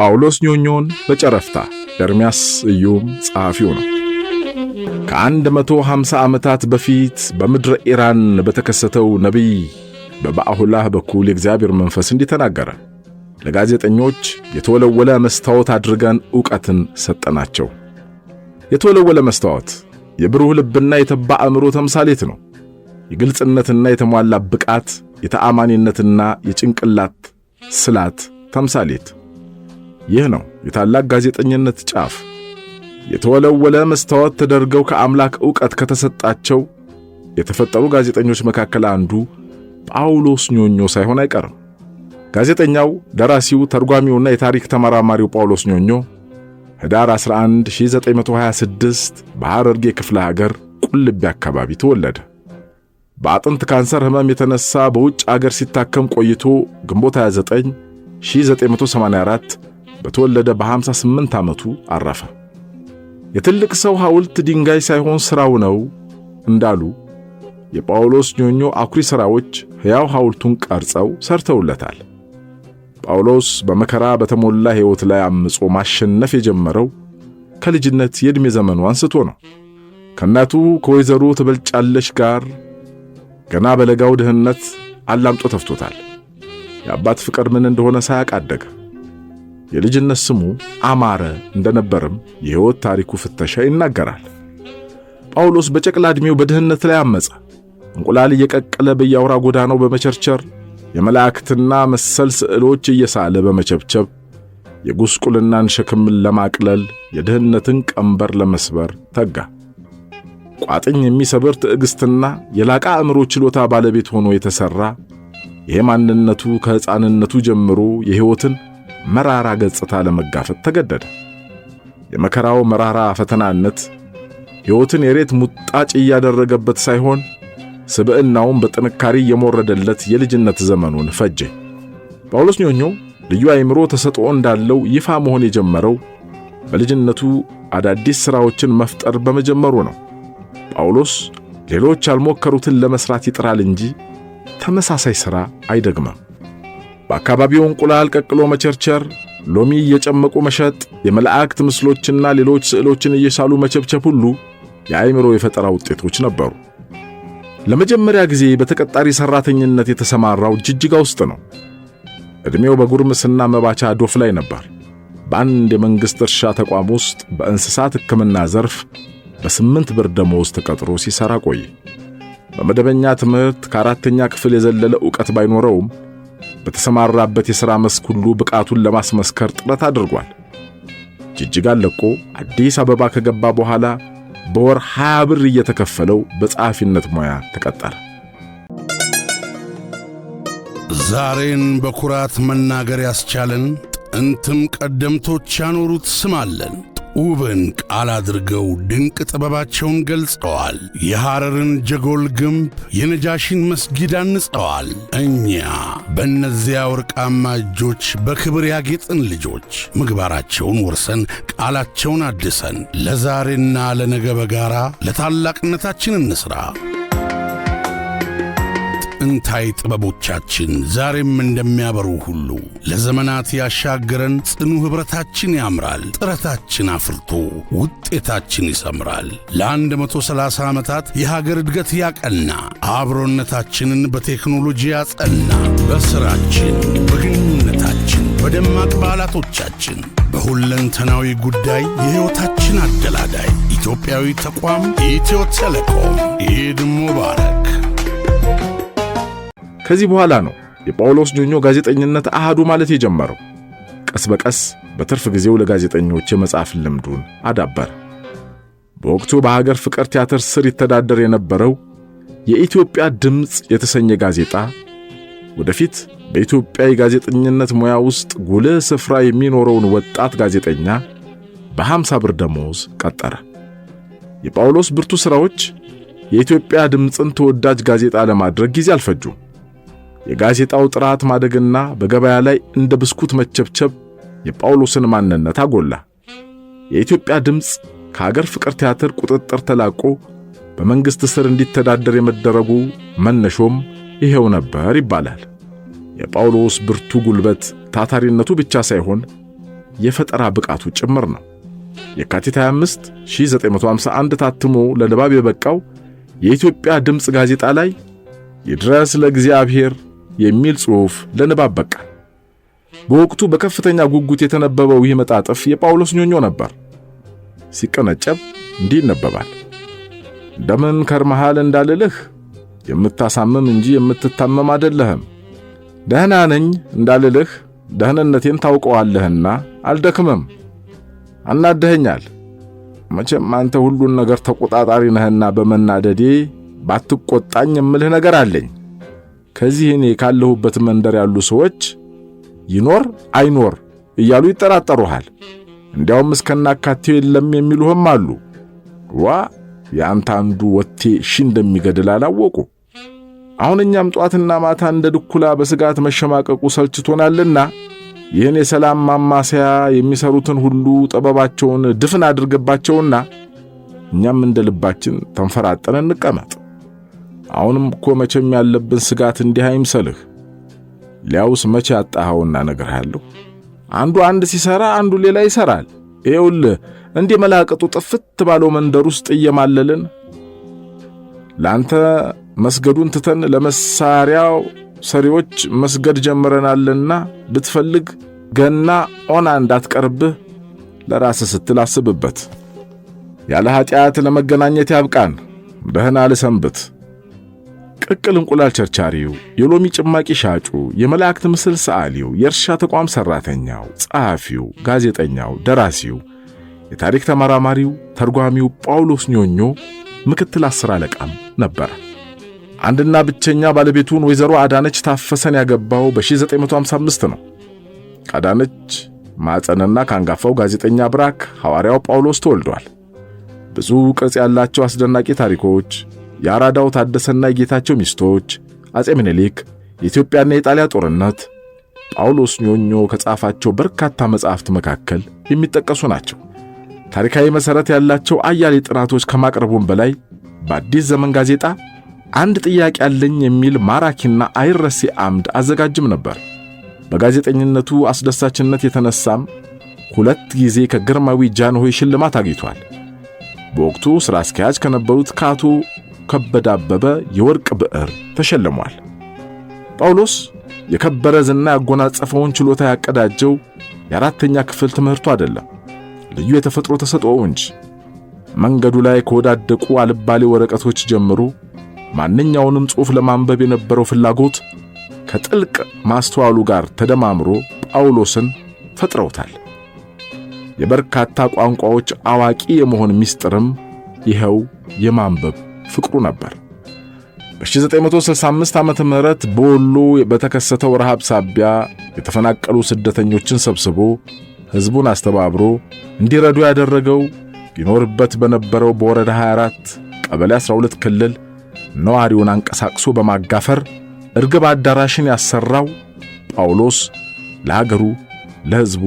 ጳውሎስ ኞኞን በጨረፍታ ኤርምያስ ስዩም ጸሐፊው ነው። ከአንድ መቶ ሃምሳ ዓመታት በፊት በምድረ ኢራን በተከሰተው ነቢይ በባዕሁላህ በኩል የእግዚአብሔር መንፈስ እንዲህ ተናገረ። ለጋዜጠኞች የተወለወለ መስታወት አድርገን ዕውቀትን ሰጠናቸው። የተወለወለ መስታወት የብሩህ ልብና የተባ አእምሮ ተምሳሌት ነው። የግልጽነትና የተሟላ ብቃት፣ የተአማኒነትና የጭንቅላት ስላት ተምሳሌት ይህ ነው የታላቅ ጋዜጠኝነት ጫፍ። የተወለወለ መስታወት ተደርገው ከአምላክ ዕውቀት ከተሰጣቸው የተፈጠሩ ጋዜጠኞች መካከል አንዱ ጳውሎስ ኞኞ ሳይሆን አይቀርም። ጋዜጠኛው፣ ደራሲው፣ ተርጓሚውና የታሪክ ተመራማሪው ጳውሎስ ኞኞ ህዳር 11 1926 በሐረርጌ ክፍለ ሀገር ቁልቢ አካባቢ ተወለደ። በአጥንት ካንሰር ህመም የተነሳ በውጭ አገር ሲታከም ቆይቶ ግንቦት 29 1984 በተወለደ በ58 ዓመቱ አረፈ። የትልቅ ሰው ሐውልት ድንጋይ ሳይሆን ሥራው ነው እንዳሉ የጳውሎስ ኞኞ አኩሪ ሥራዎች ሕያው ሐውልቱን ቀርጸው ሰርተውለታል። ጳውሎስ በመከራ በተሞላ ሕይወት ላይ አምጾ ማሸነፍ የጀመረው ከልጅነት የዕድሜ ዘመኑ አንስቶ ነው። ከእናቱ ከወይዘሮ ትበልጫለሽ ጋር ገና በለጋው ድህነት አላምጦ ተፍቶታል። የአባት ፍቅር ምን እንደሆነ ሳያቅ አደገ። የልጅነት ስሙ አማረ እንደነበርም የሕይወት ታሪኩ ፍተሻ ይናገራል። ጳውሎስ በጨቅላ ዕድሜው በድህነት ላይ አመፀ። እንቁላል እየቀቀለ በየአውራ ጎዳናው በመቸርቸር የመላእክትና መሰል ስዕሎች እየሳለ በመቸብቸብ የጉስቁልናን ሸክምን ለማቅለል የድህነትን ቀንበር ለመስበር ተጋ። ቋጥኝ የሚሰብር ትዕግስትና የላቃ አእምሮ ችሎታ ባለቤት ሆኖ የተሰራ ይሄ ማንነቱ ከሕፃንነቱ ጀምሮ የሕይወትን መራራ ገጽታ ለመጋፈጥ ተገደደ። የመከራው መራራ ፈተናነት ሕይወትን የሬት ሙጣጭ እያደረገበት ሳይሆን ስብዕናውም በጥንካሬ እየሞረደለት የልጅነት ዘመኑን ፈጀ። ጳውሎስ ኞኞ ልዩ አእምሮ ተሰጥኦ እንዳለው ይፋ መሆን የጀመረው በልጅነቱ አዳዲስ ሥራዎችን መፍጠር በመጀመሩ ነው። ጳውሎስ ሌሎች ያልሞከሩትን ለመሥራት ይጥራል እንጂ ተመሳሳይ ሥራ አይደግመም። በአካባቢው እንቁላል ቀቅሎ መቸርቸር፣ ሎሚ እየጨመቁ መሸጥ፣ የመላእክት ምስሎችና ሌሎች ስዕሎችን እየሳሉ መቸብቸብ ሁሉ የአእምሮ የፈጠራ ውጤቶች ነበሩ። ለመጀመሪያ ጊዜ በተቀጣሪ ሰራተኝነት የተሰማራው ጅጅጋ ውስጥ ነው። ዕድሜው በጉርምስና መባቻ ዶፍ ላይ ነበር። በአንድ የመንግሥት እርሻ ተቋም ውስጥ በእንስሳት ሕክምና ዘርፍ በስምንት ብር ደሞዝ ተቀጥሮ ሲሠራ ቆየ። በመደበኛ ትምህርት ከአራተኛ ክፍል የዘለለ ዕውቀት ባይኖረውም በተሰማራበት የሥራ መስክ ሁሉ ብቃቱን ለማስመስከር ጥረት አድርጓል። ጅጅጋን ለቆ አዲስ አበባ ከገባ በኋላ በወር 20 ብር እየተከፈለው በጸሐፊነት ሙያ ተቀጠረ። ዛሬን በኩራት መናገር ያስቻለን ጥንትም ቀደምቶች ያኖሩት ስም አለን። ውብን ቃል አድርገው ድንቅ ጥበባቸውን ገልጸዋል። የሐረርን ጀጎል ግንብ፣ የነጃሽን መስጊድ አንጸዋል። እኛ በእነዚያ ወርቃማ እጆች በክብር ያጌጥን ልጆች ምግባራቸውን ወርሰን ቃላቸውን አድሰን ለዛሬና ለነገ በጋራ ለታላቅነታችን እንስራ። ታይ ጥበቦቻችን ዛሬም እንደሚያበሩ ሁሉ ለዘመናት ያሻገረን ጽኑ ኅብረታችን ያምራል። ጥረታችን አፍርቶ ውጤታችን ይሰምራል። ለአንድ መቶ ሰላሳ ዓመታት የሀገር እድገት ያቀና አብሮነታችንን በቴክኖሎጂ ያጸና በሥራችን በግንኙነታችን በደማቅ በዓላቶቻችን በሁለንተናዊ ጉዳይ የሕይወታችን አደላዳይ ኢትዮጵያዊ ተቋም ኢትዮ ቴሌኮም ኢድ ሙባረክ። ከዚህ በኋላ ነው የጳውሎስ ኞኞ ጋዜጠኝነት አሃዱ ማለት የጀመረው። ቀስ በቀስ በትርፍ ጊዜው ለጋዜጠኞች የመጻፍ ልምዱን አዳበረ። በወቅቱ በሀገር ፍቅር ቲያትር ስር ይተዳደር የነበረው የኢትዮጵያ ድምፅ የተሰኘ ጋዜጣ ወደፊት በኢትዮጵያ የጋዜጠኝነት ሙያ ውስጥ ጉልህ ስፍራ የሚኖረውን ወጣት ጋዜጠኛ በሐምሳ ብር ደሞዝ ቀጠረ። የጳውሎስ ብርቱ ሥራዎች የኢትዮጵያ ድምፅን ተወዳጅ ጋዜጣ ለማድረግ ጊዜ አልፈጁም። የጋዜጣው ጥራት ማደግና በገበያ ላይ እንደ ብስኩት መቸብቸብ የጳውሎስን ማንነት አጎላ። የኢትዮጵያ ድምፅ ከሀገር ፍቅር ቲያትር ቁጥጥር ተላቆ በመንግስት ስር እንዲተዳደር የመደረጉ መነሾም ይሄው ነበር ይባላል። የጳውሎስ ብርቱ ጉልበት ታታሪነቱ ብቻ ሳይሆን የፈጠራ ብቃቱ ጭምር ነው። የካቲት 25 1951 ታትሞ ለንባብ የበቃው የኢትዮጵያ ድምፅ ጋዜጣ ላይ ይድረስ ለእግዚአብሔር የሚል ጽሑፍ ለንባብ በቃ። በወቅቱ በከፍተኛ ጉጉት የተነበበው ይህ መጣጥፍ የጳውሎስ ኞኞ ነበር። ሲቀነጨብ እንዲህ ይነበባል። ደምን ከርመሃል እንዳልልህ የምታሳምም እንጂ የምትታመም አይደለህም። ደህና ነኝ እንዳልልህ ደህንነቴን ታውቀዋለህና አልደክምም። አናደኸኛል። መቼም አንተ ሁሉን ነገር ተቆጣጣሪ ነህና በመናደዴ ባትቆጣኝ የምልህ ነገር አለኝ። ከዚህ እኔ ካለሁበት መንደር ያሉ ሰዎች ይኖር አይኖር እያሉ ይጠራጠሩሃል። እንዲያውም እስከናካቴው የለም የሚሉህም አሉ። ዋ የአንተ አንዱ ወቴ ሺ እንደሚገድል አላወቁ። አሁን እኛም ጧትና ማታ እንደ ድኩላ በስጋት መሸማቀቁ ሰልችቶናልና ይህን የሰላም ማማሰያ የሚሰሩትን ሁሉ ጥበባቸውን ድፍን አድርገባቸውና እኛም እንደ ልባችን ተንፈራጠን እንቀመጥ። አሁንም እኮ መቼም ያለብን ስጋት እንዲህ አይምሰልህ። ሊያውስ መቼ አጣኸውና እነግርሃለሁ። አንዱ አንድ ሲሰራ አንዱ ሌላ ይሰራል። ይኸውልህ እንዲህ መላቀጡ ጥፍት ባለው መንደር ውስጥ እየማለልን ላንተ መስገዱን ትተን ለመሳሪያው ሰሪዎች መስገድ ጀምረናልና ብትፈልግ ገና ኦና እንዳትቀርብህ ለራስህ ስትል አስብበት። ያለ ኃጢአት ለመገናኘት ያብቃን። ደህና ልሰንብት። ቅቅል እንቁላል ቸርቻሪው፣ የሎሚ ጭማቂ ሻጩ፣ የመላእክት ምስል ሰዓሊው፣ የእርሻ ተቋም ሠራተኛው፣ ጸሐፊው፣ ጋዜጠኛው፣ ደራሲው፣ የታሪክ ተመራማሪው፣ ተርጓሚው ጳውሎስ ኞኞ ምክትል አስር አለቃም ነበር። አንድና ብቸኛ ባለቤቱን ወይዘሮ አዳነች ታፈሰን ያገባው በ1955 ነው። ከአዳነች ማዕፀንና ከአንጋፋው ጋዜጠኛ ብራክ ሐዋርያው ጳውሎስ ተወልዷል። ብዙ ቅርጽ ያላቸው አስደናቂ ታሪኮች የአራዳው ታደሰና የጌታቸው ሚስቶች፣ አጼ ምኒልክ፣ የኢትዮጵያና የጣሊያ ጦርነት ጳውሎስ ኞኞ ከጻፋቸው በርካታ መጻሕፍት መካከል የሚጠቀሱ ናቸው። ታሪካዊ መሠረት ያላቸው አያሌ ጥናቶች ከማቅረቡም በላይ በአዲስ ዘመን ጋዜጣ አንድ ጥያቄ አለኝ የሚል ማራኪና አይረሴ አምድ አዘጋጅም ነበር። በጋዜጠኝነቱ አስደሳችነት የተነሳም ሁለት ጊዜ ከግርማዊ ጃንሆይ ሽልማት አግኝቷል። በወቅቱ ሥራ አስኪያጅ ከነበሩት ከአቶ ከበደ አበበ የወርቅ ብዕር ተሸልሟል። ጳውሎስ የከበረ ዝና ያጎናጸፈውን ችሎታ ያቀዳጀው የአራተኛ ክፍል ትምህርቱ አይደለም፣ ልዩ የተፈጥሮ ተሰጥኦው እንጂ። መንገዱ ላይ ከወዳደቁ አልባሌ ወረቀቶች ጀምሮ ማንኛውንም ጽሑፍ ለማንበብ የነበረው ፍላጎት ከጥልቅ ማስተዋሉ ጋር ተደማምሮ ጳውሎስን ፈጥረውታል። የበርካታ ቋንቋዎች አዋቂ የመሆን ምስጢርም ይኸው የማንበብ ፍቅሩ ነበር። በ1965 ዓ ም በወሎ በተከሰተው ረሃብ ሳቢያ የተፈናቀሉ ስደተኞችን ሰብስቦ ሕዝቡን አስተባብሮ እንዲረዱ ያደረገው ይኖርበት በነበረው በወረዳ 24 ቀበሌ 12 ክልል ነዋሪውን አንቀሳቅሶ በማጋፈር እርግብ አዳራሽን ያሰራው ጳውሎስ ለሀገሩ፣ ለሕዝቡ፣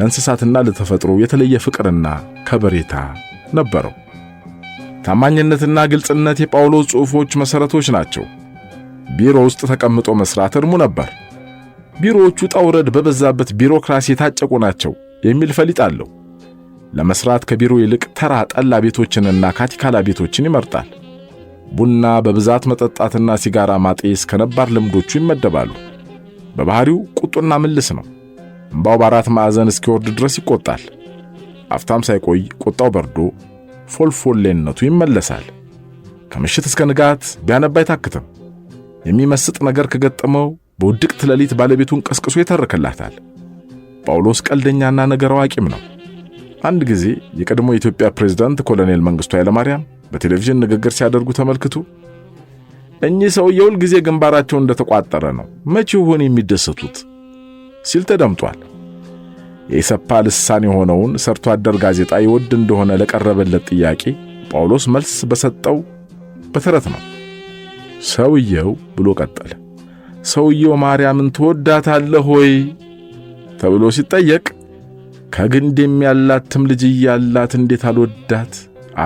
ለእንስሳትና ለተፈጥሮ የተለየ ፍቅርና ከበሬታ ነበረው። ታማኝነትና ግልጽነት የጳውሎስ ጽሑፎች መሠረቶች ናቸው። ቢሮ ውስጥ ተቀምጦ መስራት እርሙ ነበር። ቢሮዎቹ ጣውረድ በበዛበት ቢሮክራሲ የታጨቁ ናቸው የሚል ፈሊጥ አለው። ለመስራት ከቢሮ ይልቅ ተራ ጠላ ቤቶችንና ካቲካላ ቤቶችን ይመርጣል። ቡና በብዛት መጠጣትና ሲጋራ ማጤስ ከነባር ልምዶቹ ይመደባሉ። በባህሪው ቁጡና ምልስ ነው። እምባው በአራት ማዕዘን እስኪወርድ ድረስ ይቆጣል። አፍታም ሳይቆይ ቁጣው በርዶ ፎልፎሌነቱ ይመለሳል። ከምሽት እስከ ንጋት ቢያነባ አይታክትም። የሚመስጥ ነገር ከገጠመው በውድቅት ሌሊት ባለቤቱን ቀስቅሶ ይተርክላታል። ጳውሎስ ቀልደኛና ነገር አዋቂም ነው። አንድ ጊዜ የቀድሞ የኢትዮጵያ ፕሬዝዳንት ኮሎኔል መንግስቱ ኃይለማርያም በቴሌቪዥን ንግግር ሲያደርጉ ተመልክቱ። እኚህ ሰው የሁል ጊዜ ግንባራቸው እንደተቋጠረ ነው፣ መቼ ይሆን የሚደሰቱት ሲል ተደምጧል። የኢሰፓ ልሳን የሆነውን ሰርቶ አደር ጋዜጣ ይወድ እንደሆነ ለቀረበለት ጥያቄ ጳውሎስ መልስ በሰጠው በተረት ነው። ሰውየው ብሎ ቀጠለ። ሰውየው ማርያምን ትወዳታለህ ሆይ ተብሎ ሲጠየቅ ከግንድ የሚያላትም ልጅ እያላት እንዴት አልወዳት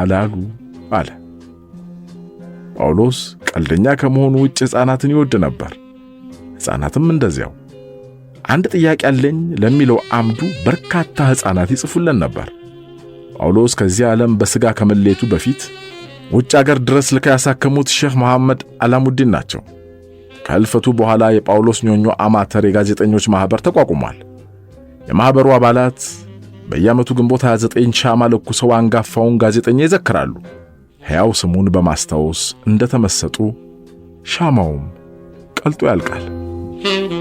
አላሉ አለ። ጳውሎስ ቀልደኛ ከመሆኑ ውጭ ሕፃናትን ይወድ ነበር። ሕፃናትም እንደዚያው አንድ ጥያቄ አለኝ ለሚለው አምዱ በርካታ ሕፃናት ይጽፉልን ነበር። ጳውሎስ ከዚህ ዓለም በሥጋ ከመለየቱ በፊት ውጭ አገር ድረስ ልከው ያሳከሙት ሼህ መሐመድ አላሙዲን ናቸው። ከሕልፈቱ በኋላ የጳውሎስ ኞኞ አማተር የጋዜጠኞች ማኅበር ተቋቁሟል። የማኅበሩ አባላት በየዓመቱ ግንቦት 29 ሻማ ለኩሰው አንጋፋውን ጋዜጠኛ ይዘክራሉ። ሕያው ስሙን በማስታወስ እንደተመሰጡ ሻማውም ቀልጦ ያልቃል።